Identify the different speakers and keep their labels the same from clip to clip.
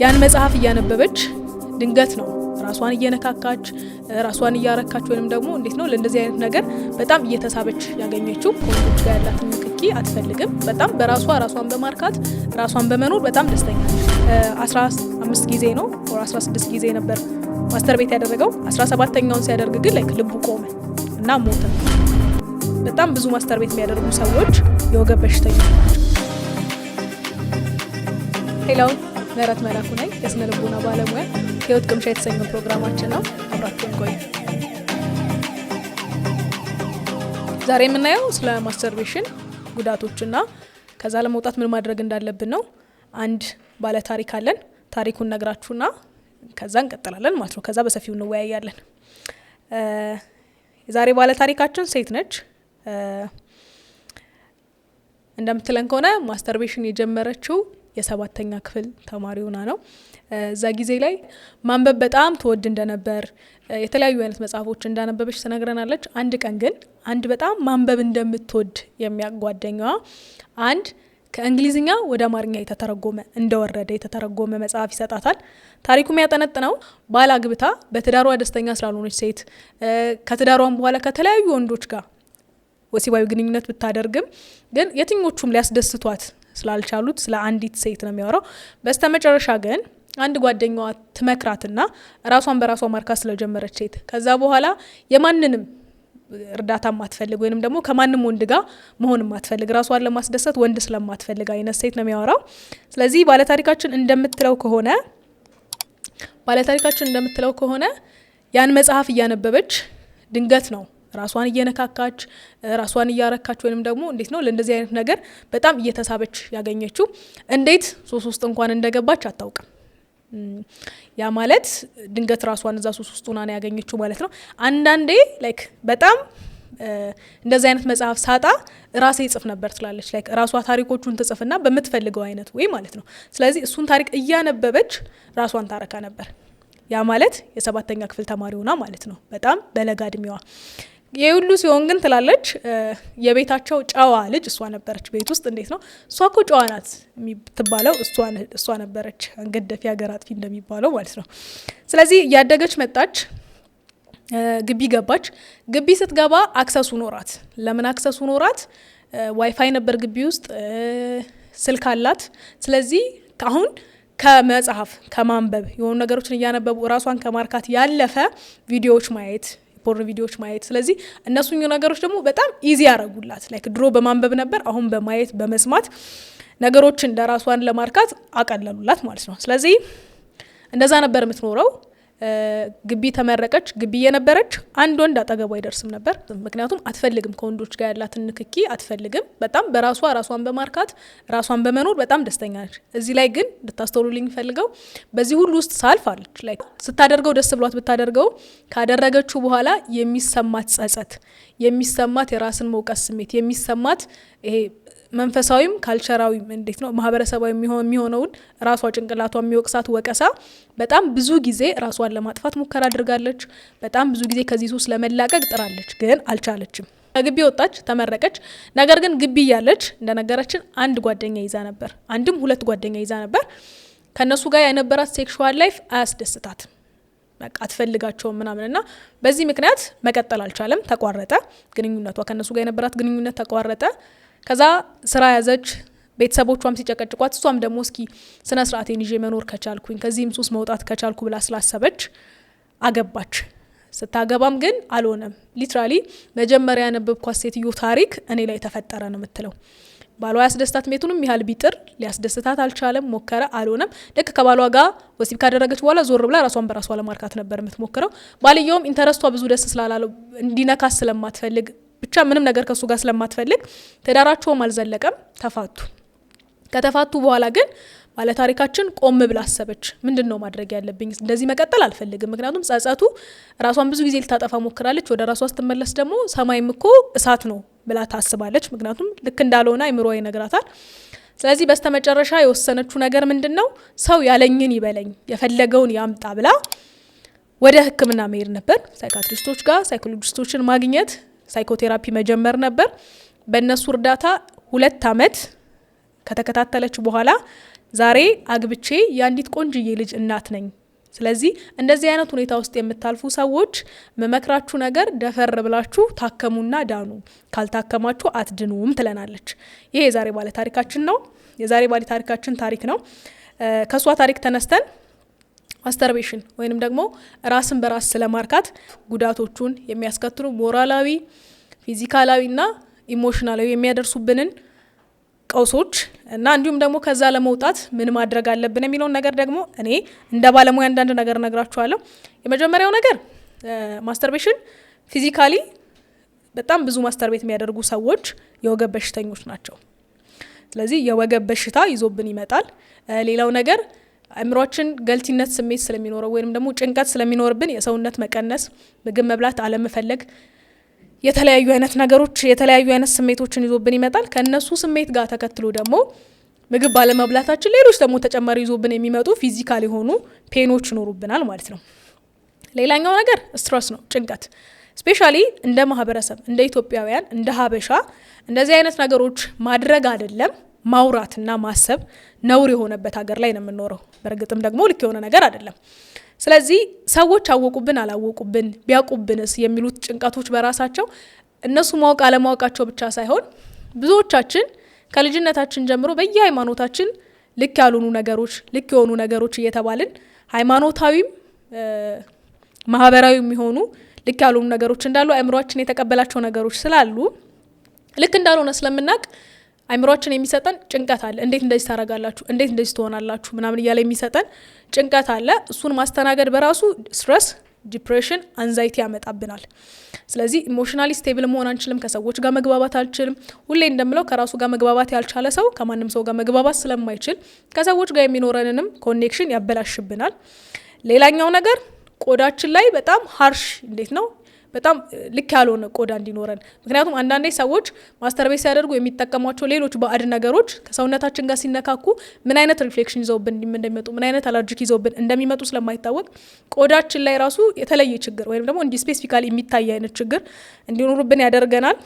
Speaker 1: ያን መጽሐፍ እያነበበች ድንገት ነው ራሷን እየነካካች ራሷን እያረካች ወይም ደግሞ እንዴት ነው ለእንደዚህ አይነት ነገር በጣም እየተሳበች ያገኘችው። ወንዶች ጋር ያላትን ንክኪ አትፈልግም። በጣም በራሷ ራሷን በማርካት ራሷን በመኖር በጣም ደስተኛ 15 ጊዜ ነው 16 ጊዜ ነበር ማስተር ቤት ያደረገው። 17ተኛውን ሲያደርግ ግን ላይክ ልቡ ቆመ እና ሞተ። በጣም ብዙ ማስተር ቤት የሚያደርጉ ሰዎች የወገብ በሽተኛ ናቸው። ሌላው ምህረት መላኩ ነኝ፣ የስነ ልቦና ባለሙያ። ህይወት ቅምሻ የተሰኘ ፕሮግራማችን ነው። አብራችሁን ቆይ ዛሬ የምናየው ስለ ማስተርቤሽን ጉዳቶችና ከዛ ለመውጣት ምን ማድረግ እንዳለብን ነው። አንድ ባለ ታሪክ አለን። ታሪኩን ነግራችሁና ከዛ እንቀጥላለን ማለት ነው። ከዛ በሰፊው እንወያያለን። የዛሬ ባለ ታሪካችን ሴት ነች። እንደምትለን ከሆነ ማስተርቤሽን የጀመረችው የሰባተኛ ክፍል ተማሪ ሆና ነው። እዛ ጊዜ ላይ ማንበብ በጣም ትወድ እንደነበር የተለያዩ አይነት መጽሐፎች እንዳነበበች ትነግረናለች። አንድ ቀን ግን አንድ በጣም ማንበብ እንደምትወድ የሚያጓደኛዋ አንድ ከእንግሊዝኛ ወደ አማርኛ የተተረጎመ እንደወረደ የተተረጎመ መጽሐፍ ይሰጣታል። ታሪኩ ያጠነጥነው ባል አግብታ በትዳሯ ደስተኛ ስላልሆነች ሴት ከትዳሯም በኋላ ከተለያዩ ወንዶች ጋር ወሲባዊ ግንኙነት ብታደርግም ግን የትኞቹም ሊያስደስቷት ስላልቻሉት ስለ አንዲት ሴት ነው የሚያወራው። በስተመጨረሻ ግን አንድ ጓደኛዋ ትመክራትና ራሷን በራሷ ማርካት ስለጀመረች ሴት ከዛ በኋላ የማንንም እርዳታ ማትፈልግ ወይንም ደግሞ ከማንም ወንድ ጋር መሆን ማትፈልግ ራሷን ለማስደሰት ወንድ ስለማትፈልግ አይነት ሴት ነው የሚያወራው። ስለዚህ ባለታሪካችን እንደምትለው ከሆነ ባለታሪካችን እንደምትለው ከሆነ ያን መጽሐፍ እያነበበች ድንገት ነው ራሷን እየነካካች ራሷን እያረካች ወይንም ደግሞ እንዴት ነው ለእንደዚህ አይነት ነገር በጣም እየተሳበች ያገኘችው እንዴት ሱስ ውስጥ እንኳን እንደገባች አታውቅም። ያ ማለት ድንገት ራሷን እዛ ሱስ ውስጥ ሆና ነው ያገኘችው ማለት ነው። አንዳንዴ ላይክ በጣም እንደዚህ አይነት መጽሐፍ ሳጣ ራሴ ይጽፍ ነበር ትላለች። ላይክ ራሷ ታሪኮቹን ትጽፍና በምትፈልገው አይነት ወይ ማለት ነው። ስለዚህ እሱን ታሪክ እያነበበች ራሷን ታረካ ነበር። ያ ማለት የሰባተኛ ክፍል ተማሪ ሆና ማለት ነው፣ በጣም በለጋ እድሜዋ ይህ ሁሉ ሲሆን ግን ትላለች የቤታቸው ጨዋ ልጅ እሷ ነበረች። ቤት ውስጥ እንዴት ነው እሷ እኮ ጨዋ ናት የምትባለው እሷ ነበረች፣ አንገደፊ ሀገር አጥፊ እንደሚባለው ማለት ነው። ስለዚህ እያደገች መጣች። ግቢ ገባች። ግቢ ስትገባ አክሰሱ ኖራት። ለምን አክሰሱ ኖራት? ዋይፋይ ነበር ግቢ ውስጥ፣ ስልክ አላት። ስለዚህ አሁን ከመጽሐፍ ከማንበብ የሆኑ ነገሮችን እያነበቡ እራሷን ከማርካት ያለፈ ቪዲዮዎች ማየት ፖርን ቪዲዮዎች ማየት። ስለዚህ እነሱኙ ነገሮች ደግሞ በጣም ኢዚ ያደረጉላት። ላይክ ድሮ በማንበብ ነበር፣ አሁን በማየት በመስማት ነገሮችን ለራሷን ለማርካት አቀለሉላት ማለት ነው። ስለዚህ እንደዛ ነበር የምትኖረው። ግቢ ተመረቀች፣ ግቢ የነበረች አንድ ወንድ አጠገቡ አይደርስም ነበር። ምክንያቱም አትፈልግም፣ ከወንዶች ጋር ያላትን ንክኪ አትፈልግም። በጣም በራሷ ራሷን በማርካት ራሷን በመኖር በጣም ደስተኛ ነች። እዚህ ላይ ግን ልታስተውሉልኝ ፈልገው በዚህ ሁሉ ውስጥ ሳልፍ አለች ላይ ስታደርገው ደስ ብሏት ብታደርገው ካደረገችው በኋላ የሚሰማት ጸጸት፣ የሚሰማት የራስን መውቀስ ስሜት፣ የሚሰማት ይሄ መንፈሳዊም ካልቸራዊም እንዴት ነው ማህበረሰባዊ የሚሆነውን ራሷ ጭንቅላቷ የሚወቅሳት ወቀሳ በጣም ብዙ ጊዜ ራሷን ለማጥፋት ሙከራ አድርጋለች። በጣም ብዙ ጊዜ ከዚህ ሱስ ለመላቀቅ ጥራለች፣ ግን አልቻለችም። ከግቢ ወጣች፣ ተመረቀች። ነገር ግን ግቢ እያለች እንደነገረችን አንድ ጓደኛ ይዛ ነበር፣ አንድም ሁለት ጓደኛ ይዛ ነበር። ከእነሱ ጋር የነበራት ሴክሹዋል ላይፍ አያስደስታት፣ በቃ አትፈልጋቸውም ምናምንና በዚህ ምክንያት መቀጠል አልቻለም፣ ተቋረጠ። ግንኙነቷ ከእነሱ ጋር የነበራት ግንኙነት ተቋረጠ። ከዛ ስራ ያዘች። ቤተሰቦቿም ሲጨቀጭቋት እሷም ደግሞ እስኪ ስነ ስርዓቴን ይዤ መኖር ከቻልኩኝ ከዚህም ሱስ መውጣት ከቻልኩ ብላ ስላሰበች አገባች። ስታገባም ግን አልሆነም። ሊትራሊ መጀመሪያ ያነበብኳት ሴትዮ ታሪክ እኔ ላይ ተፈጠረ ነው የምትለው። ባሏ ያስደስታት ሜቱንም ያህል ቢጥር ሊያስደስታት አልቻለም። ሞከረ፣ አልሆነም። ልክ ከባሏ ጋር ወሲብ ካደረገች በኋላ ዞር ብላ ራሷን በራሷ ለማርካት ነበር የምትሞክረው። ባልየውም ኢንተረስቷ ብዙ ደስ ስላላለው እንዲነካስ ስለማትፈልግ ብቻ ምንም ነገር ከእሱ ጋር ስለማትፈልግ ትዳራቸውም አልዘለቀም፣ ተፋቱ። ከተፋቱ በኋላ ግን ባለታሪካችን ቆም ብላ አሰበች። ምንድን ነው ማድረግ ያለብኝ? እንደዚህ መቀጠል አልፈልግም። ምክንያቱም ጸጸቱ ራሷን ብዙ ጊዜ ልታጠፋ ሞክራለች። ወደ ራሷ ስትመለስ ደግሞ ሰማይም እኮ እሳት ነው ብላ ታስባለች። ምክንያቱም ልክ እንዳልሆነ አይምሮ ይነግራታል። ስለዚህ በስተመጨረሻ የወሰነችው ነገር ምንድን ነው? ሰው ያለኝን ይበለኝ፣ የፈለገውን ያምጣ ብላ ወደ ሕክምና መሄድ ነበር። ሳይካትሪስቶች ጋር ሳይኮሎጂስቶችን ማግኘት ሳይኮቴራፒ መጀመር ነበር። በእነሱ እርዳታ ሁለት አመት ከተከታተለች በኋላ ዛሬ አግብቼ የአንዲት ቆንጅዬ ልጅ እናት ነኝ። ስለዚህ እንደዚህ አይነት ሁኔታ ውስጥ የምታልፉ ሰዎች መመክራችሁ ነገር ደፈር ብላችሁ ታከሙና ዳኑ፣ ካልታከማችሁ አትድኑም ትለናለች። ይሄ የዛሬ ባለ ታሪካችን ነው። የዛሬ ባለ ታሪካችን ታሪክ ነው። ከእሷ ታሪክ ተነስተን ማስተርቤሽን ወይንም ደግሞ ራስን በራስ ስለማርካት ጉዳቶቹን የሚያስከትሉ ሞራላዊ፣ ፊዚካላዊ እና ኢሞሽናላዊ የሚያደርሱብንን ቀውሶች እና እንዲሁም ደግሞ ከዛ ለመውጣት ምን ማድረግ አለብን የሚለውን ነገር ደግሞ እኔ እንደ ባለሙያ አንዳንድ ነገር እነግራችኋለሁ። የመጀመሪያው ነገር ማስተርቤሽን ፊዚካሊ በጣም ብዙ ማስተርቤት የሚያደርጉ ሰዎች የወገብ በሽተኞች ናቸው። ስለዚህ የወገብ በሽታ ይዞብን ይመጣል። ሌላው ነገር አእምሯችን ገልቲነት ስሜት ስለሚኖረው ወይም ደግሞ ጭንቀት ስለሚኖርብን የሰውነት መቀነስ፣ ምግብ መብላት አለመፈለግ፣ የተለያዩ አይነት ነገሮች የተለያዩ አይነት ስሜቶችን ይዞብን ይመጣል። ከእነሱ ስሜት ጋር ተከትሎ ደግሞ ምግብ ባለመብላታችን ሌሎች ደግሞ ተጨማሪ ይዞብን የሚመጡ ፊዚካል የሆኑ ፔኖች ይኖሩብናል ማለት ነው። ሌላኛው ነገር ስትረስ ነው፣ ጭንቀት ስፔሻሊ እንደ ማህበረሰብ እንደ ኢትዮጵያውያን እንደ ሀበሻ እንደዚህ አይነት ነገሮች ማድረግ አይደለም ማውራትና ማሰብ ነውር የሆነበት ሀገር ላይ ነው የምንኖረው። በእርግጥም ደግሞ ልክ የሆነ ነገር አይደለም። ስለዚህ ሰዎች አወቁብን አላወቁብን ቢያውቁብንስ የሚሉት ጭንቀቶች በራሳቸው እነሱ ማወቅ አለማወቃቸው ብቻ ሳይሆን ብዙዎቻችን ከልጅነታችን ጀምሮ በየሃይማኖታችን ልክ ያልሆኑ ነገሮች ልክ የሆኑ ነገሮች እየተባልን ሃይማኖታዊም ማህበራዊ የሚሆኑ ልክ ያልሆኑ ነገሮች እንዳሉ አእምሯችን የተቀበላቸው ነገሮች ስላሉ ልክ እንዳልሆነ ስለምናውቅ አይምሯችን የሚሰጠን ጭንቀት አለ። እንዴት እንደዚህ ታደርጋላችሁ፣ እንዴት እንደዚህ ትሆናላችሁ ምናምን እያለ የሚሰጠን ጭንቀት አለ። እሱን ማስተናገድ በራሱ ስትረስ፣ ዲፕሬሽን፣ አንዛይቲ ያመጣብናል። ስለዚህ ኢሞሽናሊ ስቴብል መሆን አንችልም። ከሰዎች ጋር መግባባት አልችልም። ሁሌ እንደምለው ከራሱ ጋር መግባባት ያልቻለ ሰው ከማንም ሰው ጋር መግባባት ስለማይችል ከሰዎች ጋር የሚኖረንንም ኮኔክሽን ያበላሽብናል። ሌላኛው ነገር ቆዳችን ላይ በጣም ሀርሽ እንዴት ነው በጣም ልክ ያልሆነ ቆዳ እንዲኖረን። ምክንያቱም አንዳንዴ ሰዎች ማስተርቤት ሲያደርጉ የሚጠቀሟቸው ሌሎች ባዕድ ነገሮች ከሰውነታችን ጋር ሲነካኩ ምን አይነት ሪፍሌክሽን ይዘውብን እንደሚመጡ ምን አይነት አላርጂክ ይዘውብን እንደሚመጡ ስለማይታወቅ ቆዳችን ላይ ራሱ የተለየ ችግር ወይም ደግሞ እንዲህ ስፔሲፊካሊ የሚታይ አይነት ችግር እንዲኖሩብን ያደርገናል።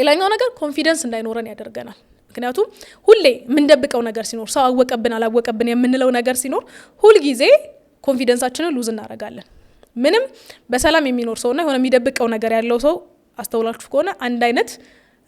Speaker 1: ሌላኛው ነገር ኮንፊደንስ እንዳይኖረን ያደርገናል። ምክንያቱም ሁሌ የምንደብቀው ነገር ሲኖር፣ ሰው አወቀብን አላወቀብን የምንለው ነገር ሲኖር ሁልጊዜ ኮንፊደንሳችንን ሉዝ እናደርጋለን። ምንም በሰላም የሚኖር ሰውና የሆነ የሚደብቀው ነገር ያለው ሰው አስተውላችሁ ከሆነ አንድ አይነት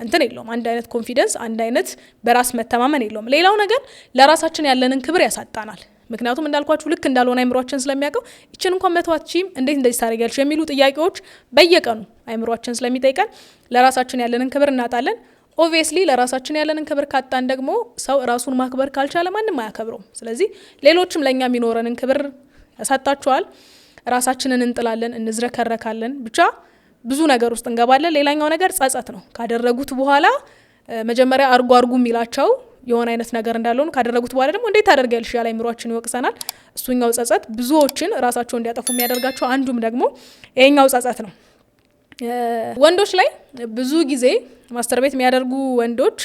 Speaker 1: እንትን የለውም። አንድ አይነት ኮንፊደንስ፣ አንድ አይነት በራስ መተማመን የለውም። ሌላው ነገር ለራሳችን ያለንን ክብር ያሳጣናል። ምክንያቱም እንዳልኳችሁ ልክ እንዳልሆነ አይምሯችን ስለሚያውቀው ይችን እንኳን መተዋችም እንዴት እንደዚህ ታደርጊያለሽ የሚሉ ጥያቄዎች በየቀኑ አይምሯችን ስለሚጠይቀን ለራሳችን ያለንን ክብር እናጣለን። ኦቪየስሊ ለራሳችን ያለንን ክብር ካጣን ደግሞ ሰው ራሱን ማክበር ካልቻለ ማንም አያከብረውም። ስለዚህ ሌሎችም ለእኛ የሚኖረንን ክብር ያሳጣቸዋል። ራሳችንን እንጥላለን፣ እንዝረከረካለን፣ ብቻ ብዙ ነገር ውስጥ እንገባለን። ሌላኛው ነገር ጸጸት ነው። ካደረጉት በኋላ መጀመሪያ አርጉ አርጉ የሚላቸው የሆነ አይነት ነገር እንዳልሆኑ ካደረጉት በኋላ ደግሞ እንዴት ታደርጊያለሽ ያለ አይምሯችን ይወቅሰናል። እሱኛው ጸጸት ብዙዎችን ራሳቸው እንዲያጠፉ የሚያደርጋቸው አንዱም ደግሞ ይሄኛው ጸጸት ነው። ወንዶች ላይ ብዙ ጊዜ ማስተር ቤት የሚያደርጉ ወንዶች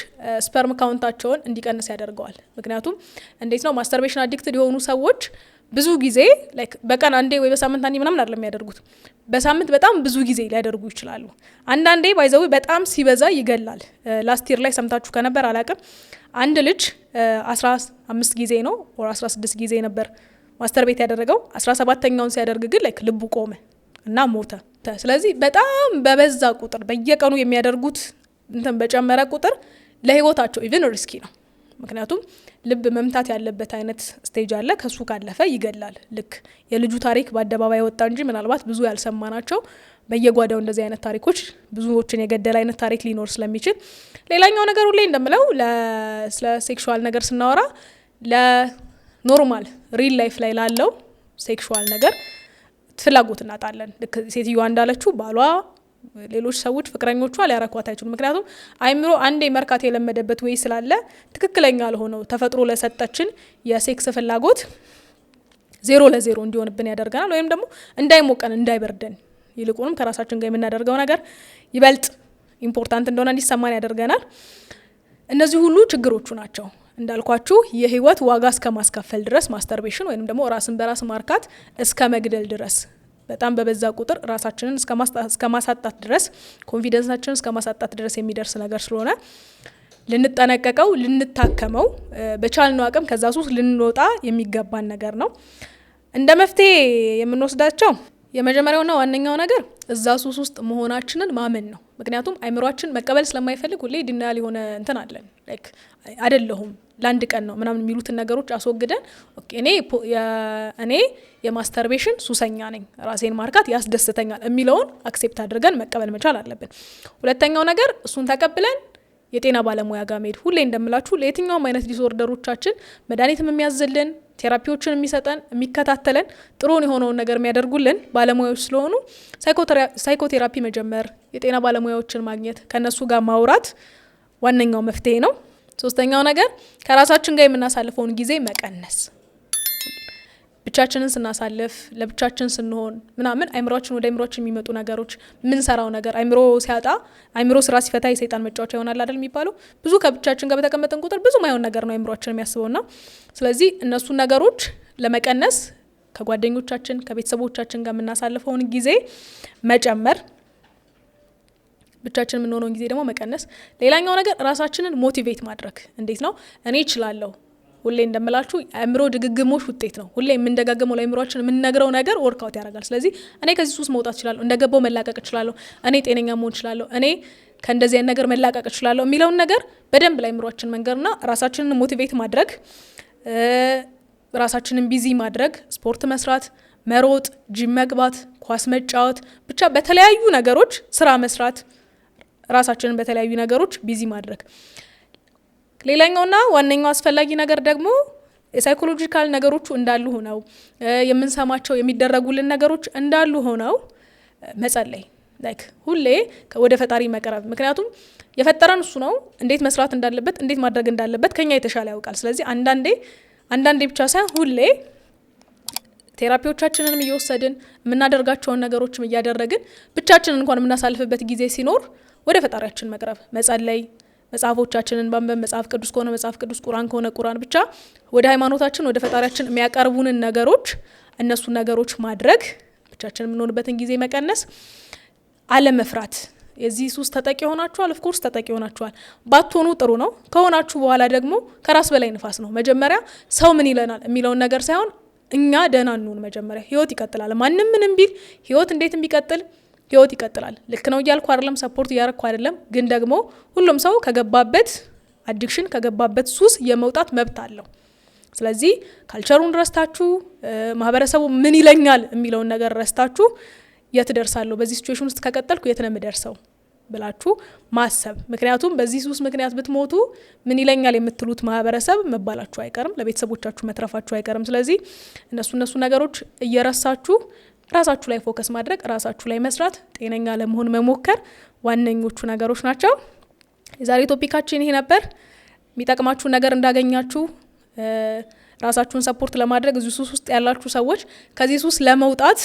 Speaker 1: ስፐርም ካውንታቸውን እንዲቀንስ ያደርገዋል። ምክንያቱም እንዴት ነው ማስተርቤሽን አዲክትድ የሆኑ ሰዎች ብዙ ጊዜ በቀን አንዴ ወይ በሳምንት አንዴ ምናምን አይደለም የሚያደርጉት። በሳምንት በጣም ብዙ ጊዜ ሊያደርጉ ይችላሉ። አንዳንዴ ባይዘዊ በጣም ሲበዛ ይገላል። ላስት ይር ላይ ሰምታችሁ ከነበር አላቅም። አንድ ልጅ 15 ጊዜ ነው ወር 16 ጊዜ ነበር ማስተር ቤት ያደረገው። ሰባተኛውን ሲያደርግ ግን ላይክ ልቡ ቆመ እና ሞተ። ስለዚህ በጣም በበዛ ቁጥር በየቀኑ የሚያደርጉት እንትን በጨመረ ቁጥር ለህይወታቸው ኢቨን ሪስኪ ነው ምክንያቱም ልብ መምታት ያለበት አይነት ስቴጅ አለ። ከሱ ካለፈ ይገላል። ልክ የልጁ ታሪክ በአደባባይ ወጣ እንጂ ምናልባት ብዙ ያልሰማ ናቸው በየጓዳው እንደዚህ አይነት ታሪኮች ብዙዎችን የገደለ አይነት ታሪክ ሊኖር ስለሚችል፣ ሌላኛው ነገር ሁሌ እንደምለው ስለ ሴክሹዋል ነገር ስናወራ ለኖርማል ሪል ላይፍ ላይ ላለው ሴክሹዋል ነገር ፍላጎት እናጣለን። ልክ ሴትዮዋ እንዳለችው ባሏ ሌሎች ሰዎች ፍቅረኞቿ ሊያረኳት አይችሉም። ምክንያቱም አይምሮ አንዴ መርካት የለመደበት ወይ ስላለ ትክክለኛ አልሆነው ተፈጥሮ ለሰጠችን የሴክስ ፍላጎት ዜሮ ለዜሮ እንዲሆንብን ያደርገናል። ወይም ደግሞ እንዳይሞቀን እንዳይበርደን፣ ይልቁንም ከራሳችን ጋር የምናደርገው ነገር ይበልጥ ኢምፖርታንት እንደሆነ እንዲሰማን ያደርገናል። እነዚህ ሁሉ ችግሮቹ ናቸው። እንዳልኳችሁ የህይወት ዋጋ እስከ ማስከፈል ድረስ ማስተርቤሽን ወይም ደግሞ ራስን በራስ ማርካት እስከ መግደል ድረስ በጣም በበዛ ቁጥር ራሳችንን እስከ ማሳጣት ድረስ ኮንፊደንሳችንን እስከ ማሳጣት ድረስ የሚደርስ ነገር ስለሆነ ልንጠነቀቀው፣ ልንታከመው በቻልነው አቅም ከዛ ሱስ ልንወጣ የሚገባን ነገር ነው። እንደ መፍትሄ የምንወስዳቸው የመጀመሪያውና ዋነኛው ነገር እዛ ሱስ ውስጥ መሆናችንን ማመን ነው። ምክንያቱም አይምሯችን መቀበል ስለማይፈልግ ሁሌ ድናያል የሆነ እንትን አለን ላይክ አይደለሁም ለአንድ ቀን ነው ምናምን የሚሉትን ነገሮች አስወግደን እኔ እኔ የማስተርቤሽን ሱሰኛ ነኝ፣ ራሴን ማርካት ያስደስተኛል የሚለውን አክሴፕት አድርገን መቀበል መቻል አለብን። ሁለተኛው ነገር እሱን ተቀብለን የጤና ባለሙያ ጋር መሄድ። ሁሌ እንደምላችሁ ለየትኛውም አይነት ዲስኦርደሮቻችን መድኃኒትም የሚያዝልን ቴራፒዎችን የሚሰጠን የሚከታተለን ጥሩን የሆነውን ነገር የሚያደርጉልን ባለሙያዎች ስለሆኑ ሳይኮቴራፒ መጀመር፣ የጤና ባለሙያዎችን ማግኘት፣ ከእነሱ ጋር ማውራት ዋነኛው መፍትሄ ነው። ሶስተኛው ነገር ከራሳችን ጋር የምናሳልፈውን ጊዜ መቀነስ ብቻችንን ስናሳልፍ ለብቻችን ስንሆን ምናምን አይምሮችን ወደ አይምሮችን የሚመጡ ነገሮች ምንሰራው ነገር አይምሮ ሲያጣ አይምሮ ስራ ሲፈታ የሰይጣን መጫወቻ ይሆናል አይደል የሚባለው። ብዙ ከብቻችን ጋር በተቀመጠን ቁጥር ብዙ ማይሆን ነገር ነው አይምሮችን ና ስለዚህ እነሱን ነገሮች ለመቀነስ ከጓደኞቻችን ከቤተሰቦቻችን ጋር የምናሳልፈውን ጊዜ መጨመር፣ ብቻችን የምንሆነውን ጊዜ ደግሞ መቀነስ። ሌላኛው ነገር ራሳችንን ሞቲቬት ማድረግ እንዴት ነው እኔ እችላለሁ ሁሌ እንደምላችሁ አእምሮ ድግግሞሽ ውጤት ነው። ሁሌ የምንደጋገመው ለአእምሮችን የምንነግረው ነገር ወርካውት ያደርጋል። ስለዚህ እኔ ከዚህ ሱስ መውጣት እችላለሁ፣ እንደገባው መላቀቅ እችላለሁ፣ እኔ ጤነኛ መሆን እችላለሁ፣ እኔ ከእንደዚህ ነገር መላቀቅ እችላለሁ የሚለውን ነገር በደንብ ለአእምሮችን መንገርና ራሳችንን ሞቲቬት ማድረግ፣ ራሳችንን ቢዚ ማድረግ፣ ስፖርት መስራት፣ መሮጥ፣ ጂም መግባት፣ ኳስ መጫወት፣ ብቻ በተለያዩ ነገሮች ስራ መስራት፣ ራሳችንን በተለያዩ ነገሮች ቢዚ ማድረግ ሌላኛውና ዋነኛው አስፈላጊ ነገር ደግሞ የሳይኮሎጂካል ነገሮቹ እንዳሉ ሆነው የምንሰማቸው የሚደረጉልን ነገሮች እንዳሉ ሆነው መጸለይ ላይክ ሁሌ ወደ ፈጣሪ መቅረብ። ምክንያቱም የፈጠረን እሱ ነው። እንዴት መስራት እንዳለበት እንዴት ማድረግ እንዳለበት ከኛ የተሻለ ያውቃል። ስለዚህ አንዳንዴ አንዳንዴ ብቻ ሳይሆን ሁሌ ቴራፒዎቻችንንም እየወሰድን የምናደርጋቸውን ነገሮችም እያደረግን ብቻችንን እንኳን የምናሳልፍበት ጊዜ ሲኖር ወደ ፈጣሪያችን መቅረብ መጸለይ መጽሐፎቻችንን ባንበብ መጽሐፍ ቅዱስ ከሆነ መጽሐፍ ቅዱስ፣ ቁራን ከሆነ ቁራን፣ ብቻ ወደ ሃይማኖታችን ወደ ፈጣሪያችን የሚያቀርቡንን ነገሮች እነሱን ነገሮች ማድረግ፣ ብቻችን የምንሆንበትን ጊዜ መቀነስ፣ አለመፍራት። የዚህ ሱስ ተጠቂ ሆናችኋል። ኦፍኮርስ ተጠቂ ሆናችኋል። ባትሆኑ ጥሩ ነው። ከሆናችሁ በኋላ ደግሞ ከራስ በላይ ንፋስ ነው። መጀመሪያ ሰው ምን ይለናል የሚለውን ነገር ሳይሆን እኛ ደህና እንሁን መጀመሪያ። ህይወት ይቀጥላል። ማንም ምንም ቢል ህይወት እንዴት የሚቀጥል ህይወት ይቀጥላል። ልክ ነው እያልኩ አይደለም፣ ሰፖርት እያረግኩ አይደለም። ግን ደግሞ ሁሉም ሰው ከገባበት አዲክሽን ከገባበት ሱስ የመውጣት መብት አለው። ስለዚህ ካልቸሩን ረስታችሁ ማህበረሰቡ ምን ይለኛል የሚለውን ነገር ረስታችሁ የት ደርሳለሁ በዚህ ሲትዌሽን ውስጥ ከቀጠልኩ የት ነው የምደርሰው ብላችሁ ማሰብ። ምክንያቱም በዚህ ሱስ ምክንያት ብትሞቱ ምን ይለኛል የምትሉት ማህበረሰብ መባላችሁ አይቀርም፣ ለቤተሰቦቻችሁ መትረፋችሁ አይቀርም። ስለዚህ እነሱ እነሱ ነገሮች እየረሳችሁ ራሳችሁ ላይ ፎከስ ማድረግ፣ ራሳችሁ ላይ መስራት፣ ጤነኛ ለመሆን መሞከር ዋነኞቹ ነገሮች ናቸው። የዛሬ ቶፒካችን ይሄ ነበር። የሚጠቅማችሁን ነገር እንዳገኛችሁ ራሳችሁን ሰፖርት ለማድረግ እዚህ ሱስ ውስጥ ያላችሁ ሰዎች ከዚህ ሱስ ለመውጣት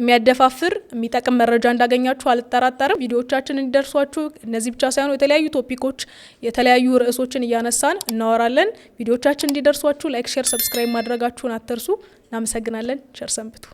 Speaker 1: የሚያደፋፍር የሚጠቅም መረጃ እንዳገኛችሁ አልጠራጠርም። ቪዲዮዎቻችን እንዲደርሷችሁ እነዚህ ብቻ ሳይሆኑ የተለያዩ ቶፒኮች፣ የተለያዩ ርዕሶችን እያነሳን እናወራለን። ቪዲዮቻችን እንዲደርሷችሁ ላይክ፣ ሼር፣ ሰብስክራይብ ማድረጋችሁን አትርሱ። እናመሰግናለን። ቸር ሰንብቱ።